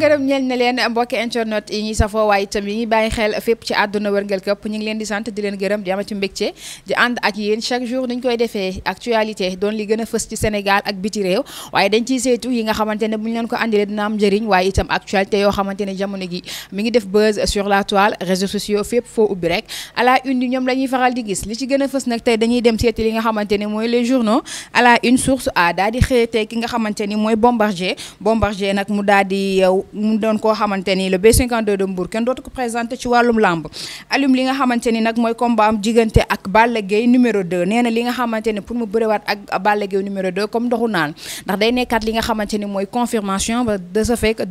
ngërëm ñeel na leen mbokki internet yi ñi safoo waaye itam yi ñuy bàyyi xel fépp ci àdduna wërngal këpp ñu ngi leen di sant di leen gërëm di ama ci mbégte di ànd ak yéen chaque jour dañ koy defee actualité doon li gën a fës ci Sénégal ak biti réew waaye dañ ciy seetu yi nga xamante ne bu ñu leen ko àndilee dina am njëriñ waaye itam actualité yoo xamante ne jamono gi mi ngi def buzz sur la toile réseaux sociaux fépp foo ubbi rek à la une ñoom la ñuy faral di gis li ci gën a fës nag tey dañuy dem seeti li nga xamante ne mooy les journaux à la une source a daal di xëyee ki nga xamante ni mooy bombardier bombardier nag mu daal di mu doon koo xamante ni le B52 de Mbour kenn dootu ko présenté ci wàllum làmb alum li nga xamante ni nag mooy comme ba de ce fait que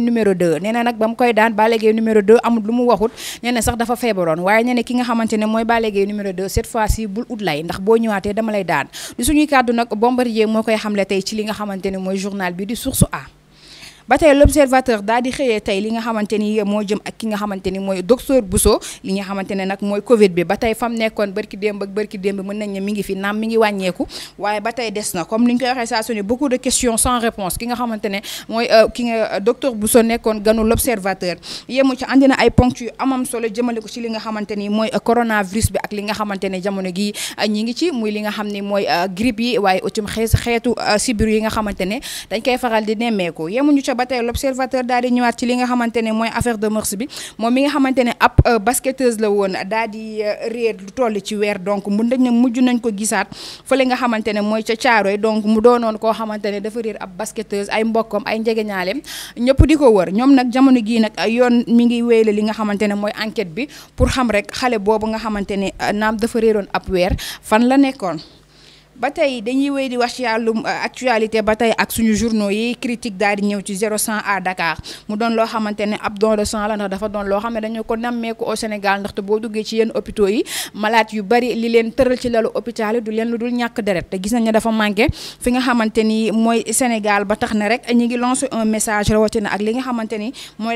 numéro 2 nee nag ba mu koy daan Balla numéro 2 amul lu mu waxut nee sax dafa feebaroon waaye nee ki nga xamante ne mooy Balla numéro 2 cette fois ci bul ut lay ndax boo ñëwaatee dama lay daan du suñuy kàddu nag Bombardier moo koy xamle tey ci li nga xamante ne mooy Jornal bi di source a ba tey l'observateur daal di xëyee tey li nga xamante ni moo jëm ak ki nga xamante ni mooy docteur Bousso li nga xamante ne nag mooy Covid bi ba tey fam nekkoon bërki démb ak bërki démb mën nañ ne mi ngi fi naam mi ngi wàññeeku waaye ba tey des na comme ni ñu koy waxee saa su ne beaucoup de questions sans réponse ki nga xamante ne mooy euh, ki nga euh, docteur Bousso nekkoon ganu l'observateur yemu ci andi na ay ponk yu amam solo jëmale ko ci li nga xamante ni mooy euh, coronavirus bi ak li nga xamante ne jamono gii ñi ngi ci muy li nga xam ni mooy grippe yi waaye utim xees xeetu sibir yi nga xamante ne dañ koy faral di nemmeeku yemuñu ca ba tey l'observateur daal di ñëwaat ci li nga xamante ne mooy affaire de mœurs bi moom mi nga xamante ne ab euh, basketteuse la woon daal di euh, réer lu toll ci weer donc mun nañ ne mujj nañ ko gisaat li nga xamante ne mooy ca yi donc mu doonoon koo xamante ne dafa réer ab basketteuse ay mbokkam ay njegeñaaleem ñëpp di ko wër ñoom nag jamono gii nag yoon mi ngi wéy la li nga xamante ne mooy enquête bi pour xam rek xale boobu nga xamante ne euh, naam dafa réeroon ab weer fan la nekkoon bataille de dañuy de di wax ci euh, actualité ba ak suñu journaux critique daal du ñëw ci à Dakar mu doon loo xamante abdon de sang la ndax dafa doon loo xam au Sénégal notre boo du ci hôpitaux yi malade yu bari li leen hôpital du leen lu dul ñàkk deret te gis nañ ne dafa manqué fi nga xamante Sénégal bataille tax na rek lançons un message à ak li nga xamante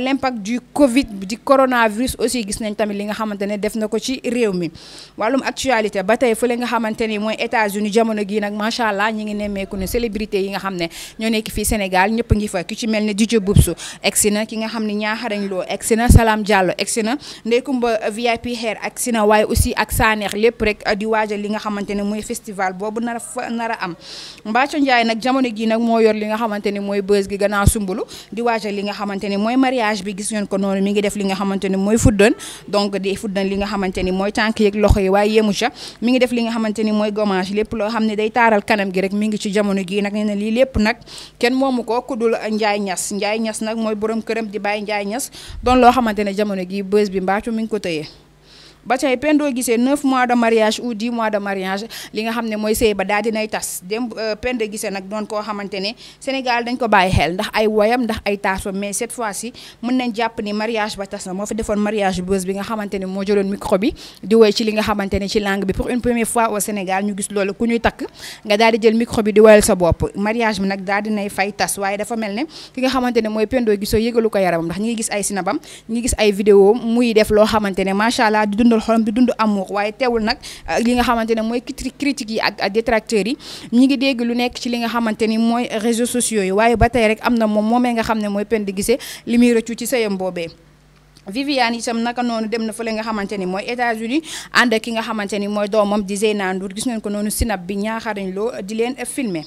l'impact du Covid du coronavirus aussi gis nañ tamit li nga xamante def na ci réew mi actualité bataille tey nga États-Unis jamono gii nag macha allah ñi ngi nemmeeku ne célébrité yi nga xam ne ñoo nekk fii Sénégal ñëpp ngi ne DJ Boubsou egsi na ki na na Ndeye Kumba mooy festival boobu nar a nar a am Mbathio Ndiaye nag jamono gii nag moo yor li nga xamante ne mooy bës gi gannaaw sumbulu di waajal li ne mooy mariage bi gis ngeen ko noonu mi ngi def li nga xamante ne mooy fuddan donc di fuddan li nga xamante ni mooy tànk yeeg loxo yi waaye yemu ca mi ngi def li nga xamante mooy gommage lépp loo xam ne day taaral kanam gi rek mi ngi ci jamono gii nag nee na lii lépp nag kenn moomu ko kuddul Njaay Ñas Njaay Ñas nag mooy borom këram di bàyyi Njaay Ñas doon loo xamante ne jamono gii bës bi mbaacu mi ngi ko tëyee ba tey Pendo Guissé 9 mois de mariage ou 10 mois de mariage li nga xamné moy sey ba dal dinay tass dem euh, Pendo Guissé nak doon ko xamante ne Sénégal dañ ko baye xel ndax ay woyam ndax ay tass mais cette fois ci mën nañ japp ni mariage ba tass na moo fi defoon mariage buzz bi nga xamante ne moo jëloon micro bi di woy ci li nga xamante ne ci langue bi pour une première fois au Sénégal ñu gis loolu ku ñuy tak nga daal di jël micro bi di woyal sa bop mariage bi nak daal dinay fay tass waye dafa melne ki nga xamante ne mooy Pendo Guissé yëgalu ko yaram ndax ñi ngi gis ay sinabam ñi ngi gis ay vidéo muy def lo xamante ne macha allah di dund suukar bi di dund amour waaye teewul nag euh, li nga xamante ne mooy critique yi ak détracteurs yi ñi ngi dégg lu nekk ci li nga xamante ni mooy réseaux sociaux yi waaye ba tey rek am na moom moomee nga xam ne mooy pend Guissé li muy rëccu ci sëyam boobee Viviane sam naka noonu dem na fa fële nga xamante ni mooy États-Unis ànd ki nga xamante ni mooy doomam di Zeyna Ndour gis ngeen ko noonu sinap bi ñaaxarañ loo di leen filmer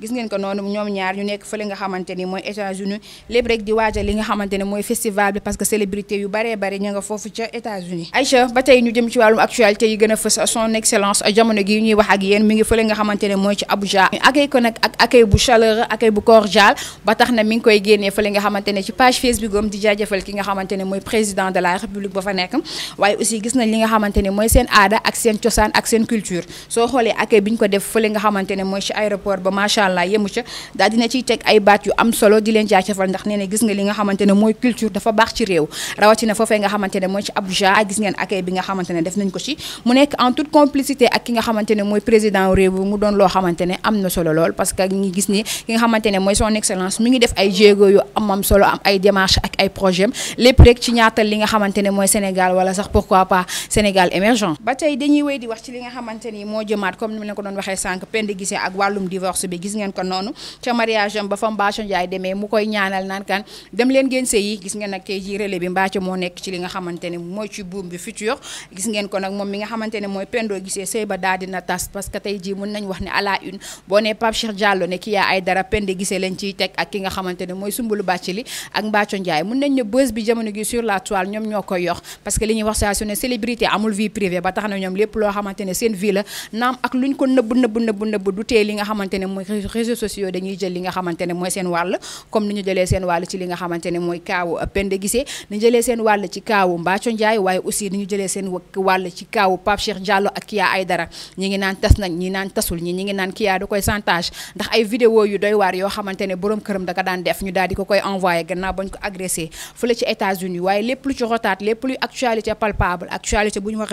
gis ngeen ko noonu ñoom ñaar ñu nekk fële nga xamante ni mooy États-Unis lépp rek di waajal li nga xamante ne mooy festival bi parce que célébrité yu bare bare ñu nga foofu ca États-Unis Aïcha ba tey ñu jëm ci wàllum actualité yi gën a fës son excellence jamono gi ñuy wax ak yéen mi ngi fële nga xamante ne mooy ci Abuja ñu accueil ko nag ak accueil bu chaleureux accueil bu cordial ba tax na mi ngi koy génnee fële nga xamante ne ci page Facebook am di jaajëfal ki nga xamante ne mooy président de la république ba fa nekk waaye aussi gis na li nga xamante ne mooy seen aada ak seen cosaan ak seen culture soo xoolee accueil bi ñu ko def fële nga xamante ne mooy ci aéroport ba macha la yemu ca daal dina ci tek ay baat yu am solo di leen jaajëfal ndax nee na gis nga li nga xamantene moy culture dafa bax ci rawati na fofé nga xamantene moy ci Abuja gis ngeen akay bi nga xamantene def nañ ko ci mu nek en toute complicité ak ki nga xamantene moy président rew mu don lo xamantene amna solo lol parce que ngi gis ni ki nga xamantene moy son excellence mi ngi def ay jégo yu am am solo am ay démarche ak ay projet am lépp rek ci ñaatal li nga xamantene moy Sénégal wala sax pourquoi pas Sénégal émergent ba tay dañuy wéy di wax ci li nga xamantene mo jëmaat comme ni ma ko don waxé sank pend Guissé ak walum divorce bi gis ngeen ko noonu ca mariage am ba fa Mbathio Ndiaye demee mu koy ñaanal naan kan dem leen ngeen sëy yi gis ngeen nag tey jii relais bi Mbathio moo nekk ci li nga xamante mooy ci buum bi futur ak ki nga xamante nañ ne buzz bi jamono gi sur la toile ñoom ñoo koy yox parce que li ñuy wax saa su ne célébrité amul vie privée ba tax na ñoom lépp loo xamante seen vie la naam ak luñ ko nëbb nëbb nëbb du tee li nga xamante ne mooy réseaux sociaux dañuy jël li nga xamante ne mooy seen wàll comme ni ñu jëlee seen wàll ci kaawu Penda Guissé waaye aussi ni ñu jëlee seen wàll ci kaawu Pape Cheikh Diallo ak Kya Aidara ñi ngi naan tasul ñi ñi ngi naan Kya da koy chantage ndax ay vidéo yu doy waar yoo xamante ne këram da ko daan def ñu daal ko koy envoyé gannaaw bañ ko agressé fële ci États-Unis waaye lépp lu ci rotaat lépp luy actualité palpable actualité bu ñu war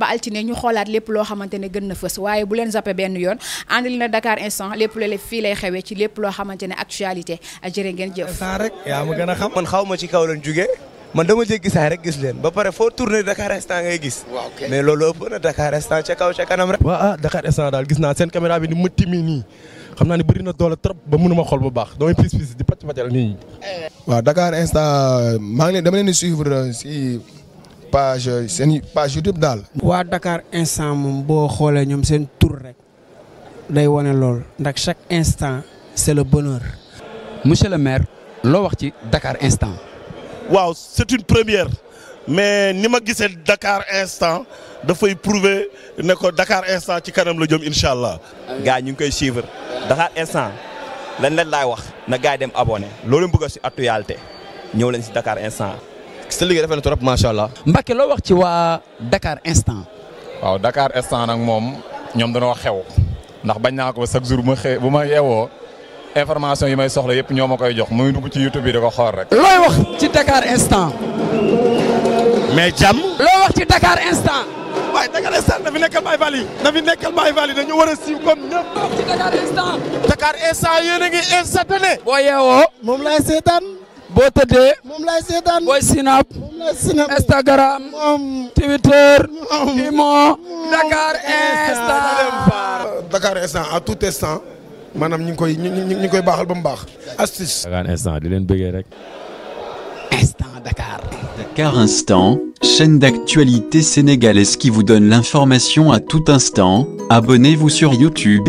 a ñu xolaat lépp loo xamante ne gën na fës waaye bu leen zappe benn yoon andil na Dakar instant lépp le fii lay xewee ci lépp loo xamante ne actualité jërë ngeen jëf. instant rek yaa ma gën a xam. man xawma ci kaw lañ jugee man dama jéggi saay rek gis leen ba pare foo tourner Dakar instant ngay gis. mais loolu ëpp na Dakar instant ca kaw ca kanam rek. waaw ah Dakar instant daal gis naa seen caméra bi ni mu timmi nii xam naa ni bëri na doole trop ba mënuma xol bu baax damay pis pis di pàcc pàccal nii. waaw Dakar instant maa ngi leen dama leen di suivre si page c'est page YouTube dal wa Dakar instant moom bo xolé ñom sen tour rek day woné lool ndax chaque instant c'est le bonheur. monsieur le maire lo wax ci Dakar instant. Wow, c'est une première mais ni ma gisee Dakar instant fay prouver ne ko Dakar instant ci kanam la jëm inshallah ga ñu koy suivre Dakar instant lan leen lay wax na gaay dem abonné loolu bëgg ci actualité ñew lañ ci Dakar instant. sa liggéey rafet na trop macha allah. Mbacke loo wax ci waa Dakar instant. waaw Dakar instant nag moom ñoom dañoo xew ndax bañ naa ko chaque jour bu ma xee information yi may soxla yëpp ñoo ma koy jox muy dugg ci YouTube bi da ko xool rek. looy wax ci Dakar instant. mais jàmm. loo wax ci Dakar instant. waaye Dakar instant na fi nekkal Baye Fall na fi war a siiw comme ñëpp. wax ci Dakar instant. Dakar instant yéen a ngi instantané. boo yeewoo moom laay seetaan. boo Moumla moom lay seetaan sinap. Instagram. Twitter. Imo. Dakar instant. Dakar instant à tout instant. Madame, nous sommes koy ñu koy astuce. Dakar instant Instant Dakar. Dakar instant, chaîne d'actualité sénégalaise qui vous donne l'information à tout instant. Abonnez-vous sur YouTube